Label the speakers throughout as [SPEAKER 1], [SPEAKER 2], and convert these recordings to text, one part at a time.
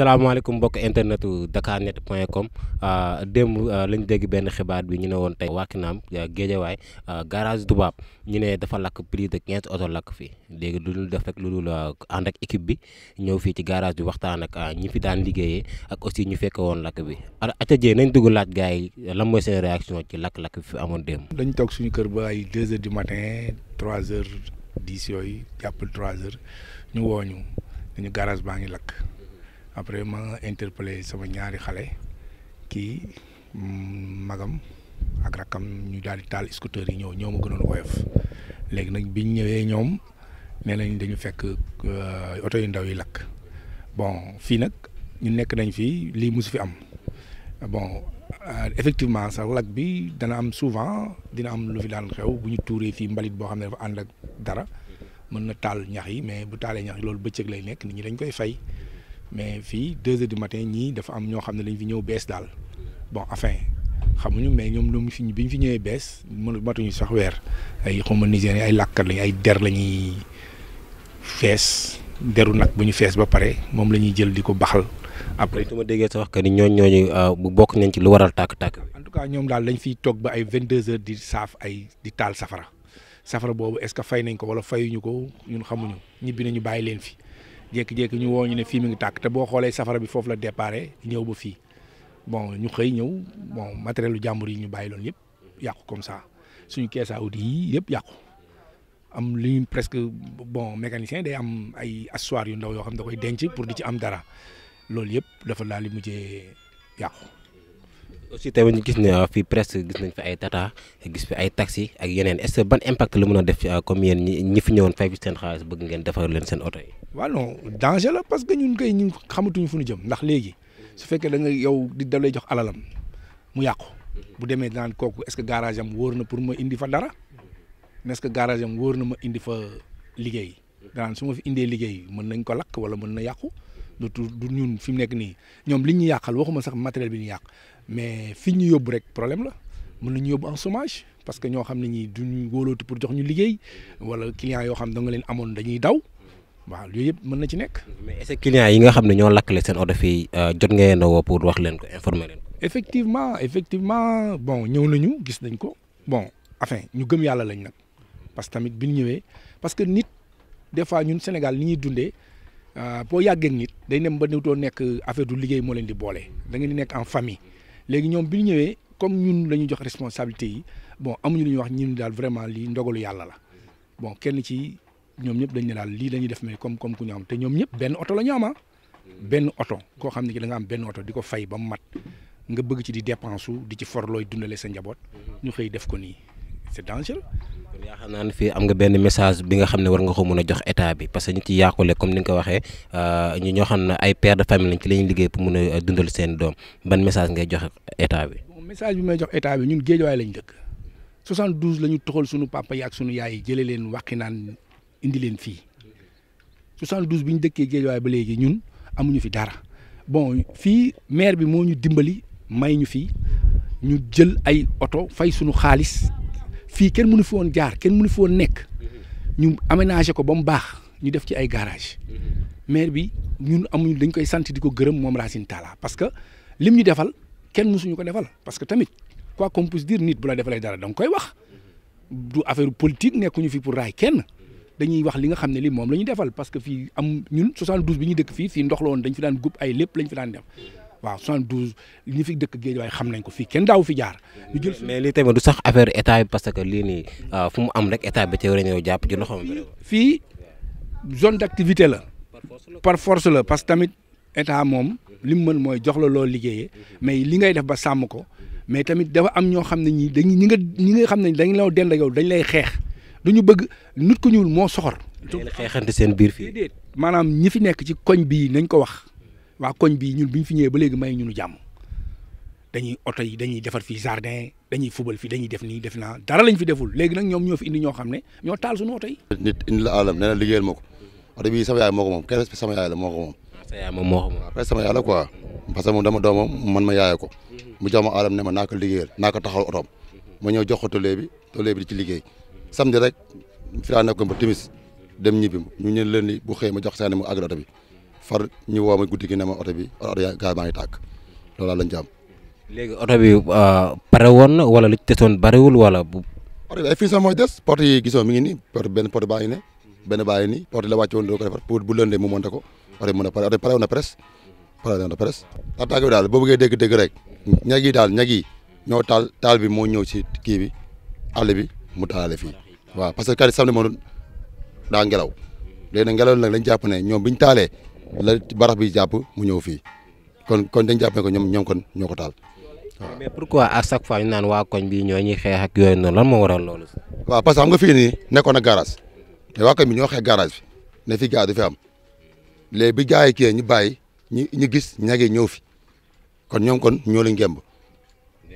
[SPEAKER 1] salaamaaleykum mbokk internetu dakarnet point com ah, démb ah, lañ dégg benn xibaar bi ñu ne woon tey Wakhinam ah, Géejawaay garage Toubab ñu ne dafa lakk plus de quinze oto lakk fii léegi lu dul def rek lu dul ànd ak équipe bi ñëw fii ci garage bi waxtaan ak ñi fi daan liggéeyee ak aussi ñu fekk woon lakk bi jee nañ dugg laaj gars yi lan mooy seen réaction ci lakk-lakk bi fi amoon démb.
[SPEAKER 2] dañ toog suñu kër ba ay deux heures du matin trois heures dix yooyu jàppal trois heures ñu woo ñu dañu garage baa ngi lakk. après ma interpellé sama ñaari xale kii mm, magam ak rakkam ñu daal di taal scooter yi ñëw ñëw ma gënoon woyof léegi nag biñ ñëwee ñoom nee nañ dañu fekk euh, oto yu ndaw yi lakk bon fii nag ñu nekk nañ fii lii musu fi am bon euh, effectivement sax lakk bi dana am souvent dina am lu fi daan xew bu ñu tuuree fii mbalit boo xam ne dafa ànd ak dara mën na taal ñax yi mais bu taalee ñax yi loolu bëccëg lay nekk nit ñi dañ koy fay mais fii deux heures du matin ñii dafa am ñoo xam ne dañ fi ñëw bees daal bon enfin xamuñu mais ñoom lu fi bi ñu fi ñëwee bees matuñu sax weer ay xaw ay làkkat lañ ay der la ñuy fees deru nag bu ñu fees ba pare
[SPEAKER 1] moom la ñuy jël di ko baxal après. su ma déggee sa wax que ni ñooñu euh, bu bokk nañ ci lu waral tàkk-tàkk.
[SPEAKER 2] en tout cas ñoom daal lañ fiy toog ba ay vingt deux heures di saaf ay di taal safara safara boobu est-ce que fay nañ ko wala fayuñu ko ñun xamuñu ñibbi nañu bàyyi leen fi. jékki-jékki ñu woo ñu ne fii mu ngi tàkk te boo xoolee safara bi foofu la déparé ñëw ba fii bon ñu xëy ñëw bon matériel jàmbur yi ñu bàyyi loon yëpp yàqu comme ça suñu caisse à outils yi yëpp yàqu am li ñu presque bon mécanicien day am ay accessoires yu ndaw yoo xam da koy denc pour di ci am dara loolu yëpp dafa daal di mujjee yàqu.
[SPEAKER 1] aussi tamit ñu gis ne euh, fii presque gis nañ fi ay tata gis fi ay taxi ak yeneen est ce que ban impact la mën a def euh, comme yéen ñi ñi fi ñëwoon fay fi seen xaalis bëgg ngeen defar leen seen oto yi. waaw non danger
[SPEAKER 2] la parce que ñun koy ñu xamatuñu fu ñu jëm ndax léegi su fekkee da nga yow di dalay jox alalam mu yàqu bu demee daan kooku est ce que garage am wóor na pour ma indi fa dara est ce que garage am wóor na ma indi fa liggéey daan su ma fi indee liggéey mën nañ ko lakk wala mën na yàqu du du ñun fi mu nekk nii ñoom li ñu yàqal waxuma sax matériel bi ñu yàq mais fi ñu yóbbu rek problème la mën nañu yóbbu en chômage parce que ñoo xam ne ñi duñu wóolootu pour jox ñu liggéey wala clients yoo xam da nga leen amoon dañuy daw waaw yooyu yëpp mën na ci nekk. mais est yi
[SPEAKER 1] nga xam ne ñoo lakkale seen oto fii euh, jot nga leen a woo pour wax leen ko informer leen ko.
[SPEAKER 2] effectivement effectivement bon ñëw nañu gis nañ ko bon enfin ñu gëm yàlla lañ nag parce que tamit bi ñu ñëwee parce que nit des fois ñun Sénégal ni ñuy dundee. Euh, boo yàggee nit day nem ba niwtoo nekk affaire du liggéey moo leen di boole da ngeen di nekk en famille léegi ñoom bi ñu ñëwee comme ñun la ñu jox responsabilité yi bon amuñu lu ñuy wax ñun daal vraiment lii ndogalu yàlla la bon kenn ci ñoom ñëpp dañ ne daal lii dañuy def mais comme comme ku ñu am te ñoom ñëpp benn oto la ñu am ah. benn oto koo xam ne ki da nga am benn oto di ko fay ba mu mat nga bëgg ci di dépense di ci forlooy dundale sa njaboot ñu xëy def ko nii c'est dangereux. kon yaakaar naa ne fii am nga
[SPEAKER 1] benn message bi nga xam ne war nga ko mën a jox état bi parce que ñu ci yàqule comme ni nga ko waxee euh, ñu ñoo xam ne ay père de famille lañ ci la ñuy liggéey pour mën a dundal seen doom ban message ngay jox état bi.
[SPEAKER 2] message bi may jox état bi ñun géejawaay lañ dëkk 72 la ñu toxal suñu papa yi ak yaay yi jëlee leen wàqi naan indi leen fii 72 bi ñu dëkkee géejawaay ba léegi ñun amuñu fi dara bon fii maire bi moo ñu dimbali may ñu fii ñu jël ay oto fay sunu xaalis. fii kenn mënu fi woon jaar kenn munu fi woon nekk mm-hmm. ñu aménager ko ba mu baax ñu def ci ay garage mm-hmm. maire bi ñun amuñu dañ koy sant di ko gërëm moom Racine Talla parce que lim ñu defal kenn mësuñu ko defal parce que tamit quoi qu'on puisse nit bu la defalee dara da nga koy wax mm-hmm. du affaire politique nekkuñu fi pour raay kenn dañuy wax li nga xam ne li moom lañu ñu defal parce que fii am ñun 72 bi ñu dëkk fii fii ndox la woon dañ fi daan gub ay lépp lañ fi daan def waaw 72 ñi fi dëkk géej waaye xam nañ ko fii kenn
[SPEAKER 1] daaw fi jaar. jël mais lii tamit du sax affaire état bi parce que lii nii euh, fu mu am rek état bi ca war a ñëw jàpp ci loxoom. fii zone d' activité la. par force la parce que
[SPEAKER 2] tamit état moom li mën mooy jox la loo liggéeyee mais li ngay def ba sàmm ko mais tamit dafa am ñoo xam ne ñii dañuy ñi nga ñi nga xam ne dañ la dend ak yow dañ lay xeex du ñu bëgg nit ku ñuul moo soxor.
[SPEAKER 1] xeexante seen biir fii.
[SPEAKER 2] maanaam ñi fi nekk ci koñ bii nañ ko wax. waa koñ bii ñun bi ñu fi ñëwee ba léegi may ñunu jàmm dañuy oto yi dañuy defar fii jardin dañuy fubal fii dañuy def nii def naa dara lañ fi deful léegi nag ñoom ñoo fi indi ñoo xam ne ñoo taal suñu oto yi.
[SPEAKER 3] nit indi la alam nee na liggéeyal ma ko oto bii sama yaay moo moom kenn sama yaay la moo ah, moo ko moom. après sama yaay la quoi parce que ma yaayee ko mu jox ma alam ne ma naa ko liggéeyal naa ko taxawal otoom ma ko tolee bi tolee bi di ci liggéey samedi rek fi laa nekkoon ba timis dem ñibbi ñu ñeen leen ni bu xëy ma jox saa ne mu àgg oto bi far ñu woo ma guddi gi ne ma oto bi oto yaa gaa maa ngi tàkk loolu lañ ci am. léegi oto bi
[SPEAKER 1] euh, pare woon na wala li ci desoon bariwul wala bu.
[SPEAKER 3] oto bi ay fii sax mooy des porte yi gisoo mi ngi nii porte benn porte baa ngi ne benn baa ngi nii porte la wàcce woon doo ko defar pour bu lëndee mu monté ko oto bi mën a pare oto bi pare woon na presque pare woon na presque attaque bi daal boo bëggee dégg-dégg rek ñag yi daal ñag yi ñoo taal taal bi moo ñëw ci kii bi àll bi mu taale fii waaw parce que kari samedi moo daa ngelaw léegi nag ngelaw nag lañ jàpp ne ñoom biñ taalee la barax bi jàpp mu ñëw fii kon kon dañ jàpp ne ko ñoom ñoom kon ñoo ko taal
[SPEAKER 1] waaw. à chaque fois ñu naan waa bi ñoo ñuy xeex ak yooyu noonu lan moo waral loolu. waaw parce que xam nga nekkoon na
[SPEAKER 3] garage bi ñoo xeex garage bi ne fi gars du fi am léegi bi gars yi kii ñu bàyyi ñu ñu gis ñag ñëw fi kon ñoom kon ñoo la ngemb.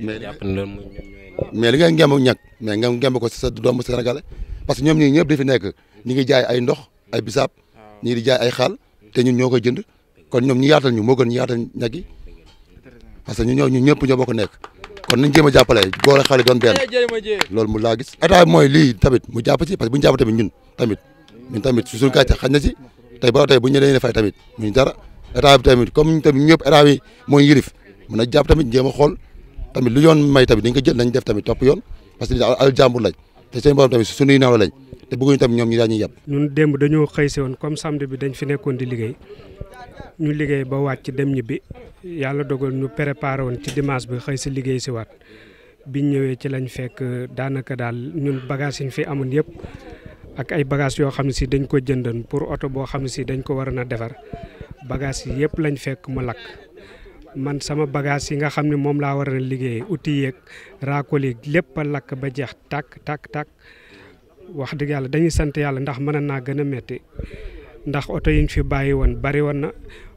[SPEAKER 3] mais mais li ngay ngemb ñag mais nga ngemb ko sa doomu Sénégalais parce que ñoom ñii ñëpp di fi nekk ñi ngi jaay ay ndox ay bisaab ñii di jaay ay xaal. te ñun ñoo ko jënd kon ñoom ñu yaatal ñu moo gën ñu yaatal ñag que ñu ñoo ñu ñëpp ñoo bokk nekk kon nañ jéem a jàppale góor ak xale doon benn eh, loolu mu laa gis état mooy lii tamit mu jàpp ci parce que bu ñu jàpp tamit ñun tamit ñun tamit su suñu gàcce xaj na ci tey ba tey bu ñu dañuy fay tamit ñu dara état bi tamit comme tamit ñëpp état bi mooy yërif mën a jàpp tamit jéem a xool tamit lu yoon may tamit dañ ko jël nañ def tamit topp yoon parce que al jàmbur lañ te seen borom tamit suñuy naaw lañ te bëgguñu tam ñoom ñu daal ñuy yàpp
[SPEAKER 4] ñun démb dañoo xëy si woon comme samedi bi dañ fi nekkoon di liggéey ñu liggéey ba wàcc dem ñibbi yàlla dogal ñu préparé woon ci dimanche bi xëy si liggéey si waat biñ ñëwee ci lañ fekk daanaka daal ñun bagage yi ñu fi amoon yëpp ak ay bagage yoo xam ne si dañ ko jëndoon pour oto boo xam ne si dañ ko war a defar bagage yi yëpp lañ fekk mu lakk man sama bagage yi nga xam ne moom laa war a liggéey outils yeeg raakool yeeg a lakk ba jeex tàkk tàkk tàkk wax dëgg yàlla dañuy sant yàlla ndax mën naa gën a métti ndax oto yi ñu fi bàyyi woon bari woon na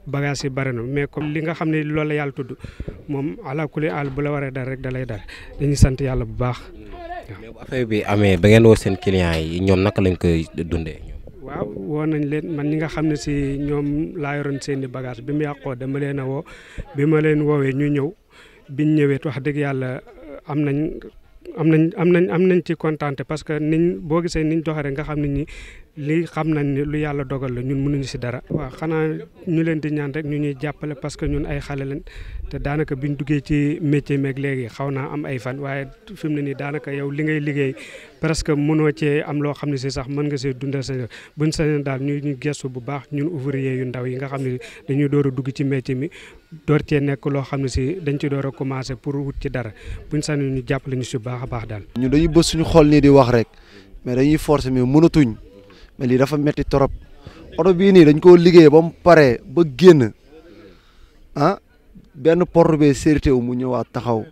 [SPEAKER 4] bagage yi bari na mais comme li nga xam ne loolu la yàlla tudd moom ala kulli àll bu la waree dal rek da lay dal sant yàlla bu baax. Hmm.
[SPEAKER 1] mais bu affaire bi amee ba ngeen woo seen client yi ñoom naka lañ koy dundee.
[SPEAKER 4] waaw woo nañ leen man ñi nga xam ne si ñoom laa yoroon seen i bagage bi mu yàqoo dama leen a woo bi ma leen woowee ñu ñëw biñ ñëwee wax dëgg yàlla am am nañ am nañ am nañ ci kontaan parce que ni niñ boo gisee niñ doxee rek nga xam ne nii lii xam nañ ni lu yàlla dogal la ñun mënuñu si dara. waaw xanaa ñu leen di ñaan rek ñu ñuy jàppale parce que ñun ay xale lañ te daanaka biñ duggee ci métier meeg léegi xaw naa am ay fan waaye fi mu ne nii daanaka yow li ngay liggéey presque mënoo cee am loo xam ne ci sax mën nga see dundal sa buñ sañoon daal ñu ñu gestu bu baax ñun ouvrier yu ndaw yi nga xam ne dañuy door a dugg ci métier mi door cee nekk loo xam ne si dañ ci door a commencer pour wut ci dara buñ sañoon ñu jàppale ñu ci baax a baax daal.
[SPEAKER 5] ñu dañuy bës suñu xol nii di wax rek mais dañuy forcer mais mënatuñ mais lii dafa metti trop oto bii nii dañ koo liggéey ba mu paree ba génn ah, benn port bee sérité wu mu ñëwaat taxaw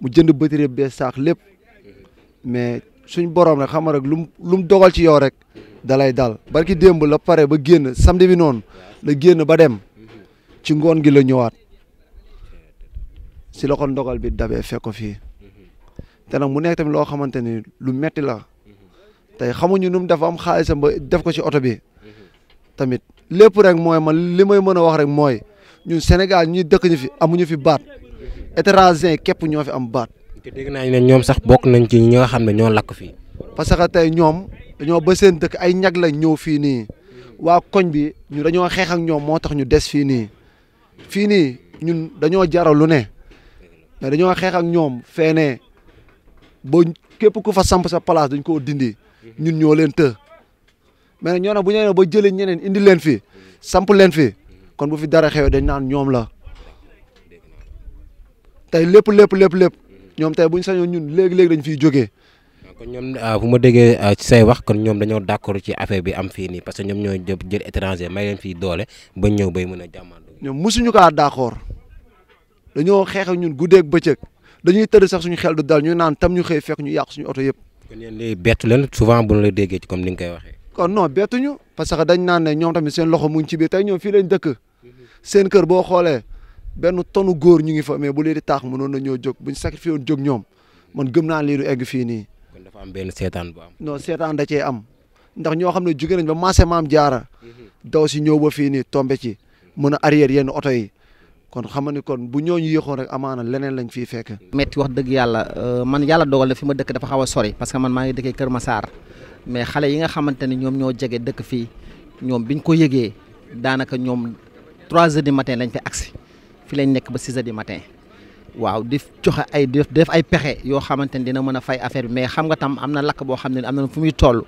[SPEAKER 5] mu jënd batterie bee saax lépp mais suñ borom rek xam nga rek lum lu mu dogal ci yow rek dalay dal barki démb la pare ba génn samedi bi noonu la génn ba dem ci ngoon gi la ñëwaat si la dogal ndogal bi dabee fekk fii te mu nekk loo xamante ni lu metti la tey xamuñu nu mu dafa am xaalisam ba def ko ci oto bi tamit lépp rek mooy ma li may mën a wax rek mooy ñun Sénégal ñuy dëkk ñu fi amuñu fi baat étranger képp ñoo fi am baat. te dégg
[SPEAKER 1] ne ñoom sax bokk nañ ci ñi nga xam ne ñoo lakk fii.
[SPEAKER 5] parce que tey ñoom dañoo ba seen dëkk ay ñag lañ ñëw fii nii waa koñ bi ñu dañoo xeex ak ñoom moo tax ñu des fii nii fii nii ñun dañoo jaral lu ne mais dañoo xeex ak ñoom fee ne ba képp ku fa samp sa place dañ koo dindi. ñun ñoo leen të mais nag ñoo nag bu ñu ba jëlee ñeneen indi leen fi samp leen fi kon bu fi dara xewee dañ naan ñoom la tey lépp lépp lépp lépp ñoom tey bu ñu sañoon ñun léegi-léegi dañ fiy jógee ah, kon ñoom bu ah,
[SPEAKER 1] ma déggee ah, say wax kon ñoom dañoo d'accord ci affaire bi am fii nii parce que ñoom ñoo jël étranger may leen fii doole ba ñëw bay mën a
[SPEAKER 5] jàmmal ñoom mosuñu kaa d'accord dañoo xeex ñun guddeeg bëccëg dañuy tëdd sax suñu xel du dal ñu naan tam ñu xëy fekk ñu yàq suñu oto yëpp
[SPEAKER 1] kon yéen lii bett leen souvent bu ñu la déggee comme ni nga koy waxee.
[SPEAKER 5] kon non bettuñu parce que dañ naan ne ñoom tamit seen loxo mu ci biir tey ñoom fii lañ dëkk seen kër boo xoolee benn tonu góor ñu ngi fa mais bu lee di taax mënoon na ñoo jóg buñ sacrifié woon jóg ñoom man gëm naa lii du egg fii nii.
[SPEAKER 1] kon dafa am benn seetaan bu am.
[SPEAKER 5] non seetaan da cee am ndax ñoo xam ne jóge nañ ba marché maam jaara mhm. daw si ñëw ba fii nii tombé ci mën a arrière yenn oto yi kon xam ni kon bu ñooñu yéexoon rek amaana leneen lañ fiy fekk. metti wax
[SPEAKER 6] dëgg yàlla euh, man yàlla dogal na fi ma dëkk dafa xaw a sori parce que man maa ngi dëkkee Kër Massar mais xale yi nga xamante ne ñoom ñoo jege dëkk fii ñoom biñ ko yëgee daanaka ñoom 3 heures du matin lañ fi agsi fi lañ nekk ba 6 heures du matin. waaw di joxe ay di def ay pexe yoo xamante ne dina mën a fay affaire bi mais xam nga tam am na lakk boo xam ne am na fu muy toll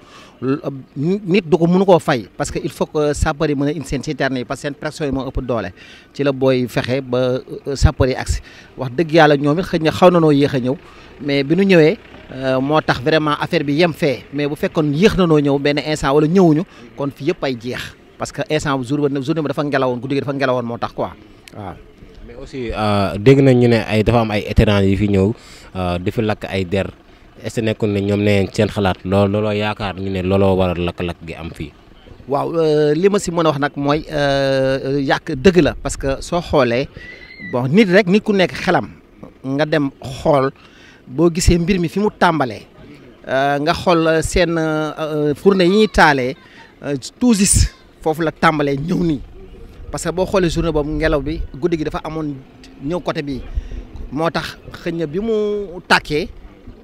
[SPEAKER 6] nit du ko mënu koo fay parce que il faut que sapeur yi mën a indi seen citerne parce que seen pression yi moo ëpp doole ci la booy fexe ba euh, sapeur yi agsi wax dëgg yàlla ñoom it xëy xaw na noo yéex a ñëw mais bi nu ñëwee euh, moo tax vraiment affaire bi yem fee mais bu fekkoon yéex na noo ñëw benn instant wala ñëwuñu kon fii yëpp ay jeex parce que instant jour ba journée bi dafa ngelawoon guddi gi dafa tax quoi waaw
[SPEAKER 1] aussi euh, dégg nañ ñu ne ay dafa am ay étranger yi fi ñëw euh, di fi lakk ay der est ce nekkul ne ñoom ne seen xalaat lool looloo yaakaar ñu ne looloo waral lakk-lakk gi am fii.
[SPEAKER 6] waaw euh, li ma si mën a wax nag mooy yàq dëgg la parce que soo xoolee bon nit rek nit ku nekk xelam nga dem xool boo gisee mbir mi fi mu tàmbalee nga xool seen fourne yi ñuy taalee toujours foofu la tàmbalee ñëw nii. parce que boo xoolee journée boobu ngelaw bi guddi gi dafa amoon ñëw côté bii moo tax xëy na bi mu takkee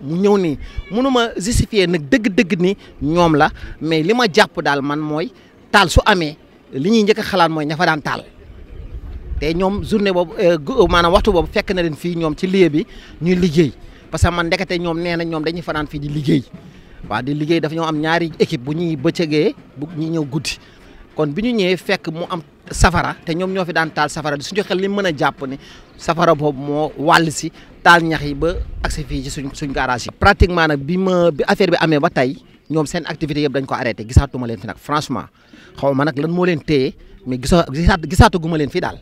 [SPEAKER 6] mu ñëw nii mënuma justifier nag dëgg-dëgg ni ñoom la mais li ma jàpp daal man mooy taal su amee li ñuy njëkk xalaat mooy ña fa daan taal. te ñoom journée boobu euh, euh, maanaam waxtu boobu fekk na leen fii ñoom ci lieu bi ñu liggéey parce que man ndekete ñoom nee na ñoom dañuy fanaan fii di liggéey waaw di liggéey dafa ñoo am ñaari équipe bu ñuy bëccëgee bu ñu ñëw guddi kon safara te ñoom ñoo fi daan taal safara suñu xel li mën a jàpp ne safara boobu moo wàll si taal ñax yi ba agsi fii suñ suñ garage yi. pratiquement nag bi ma bi affaire bi amee ba tey ñoom seen activité yëpp dañ ko arrêté gisaatuma leen fi nag franchement xaw ma nag lan moo leen téye mais gisaatu gisaatu gu ma leen fi daal.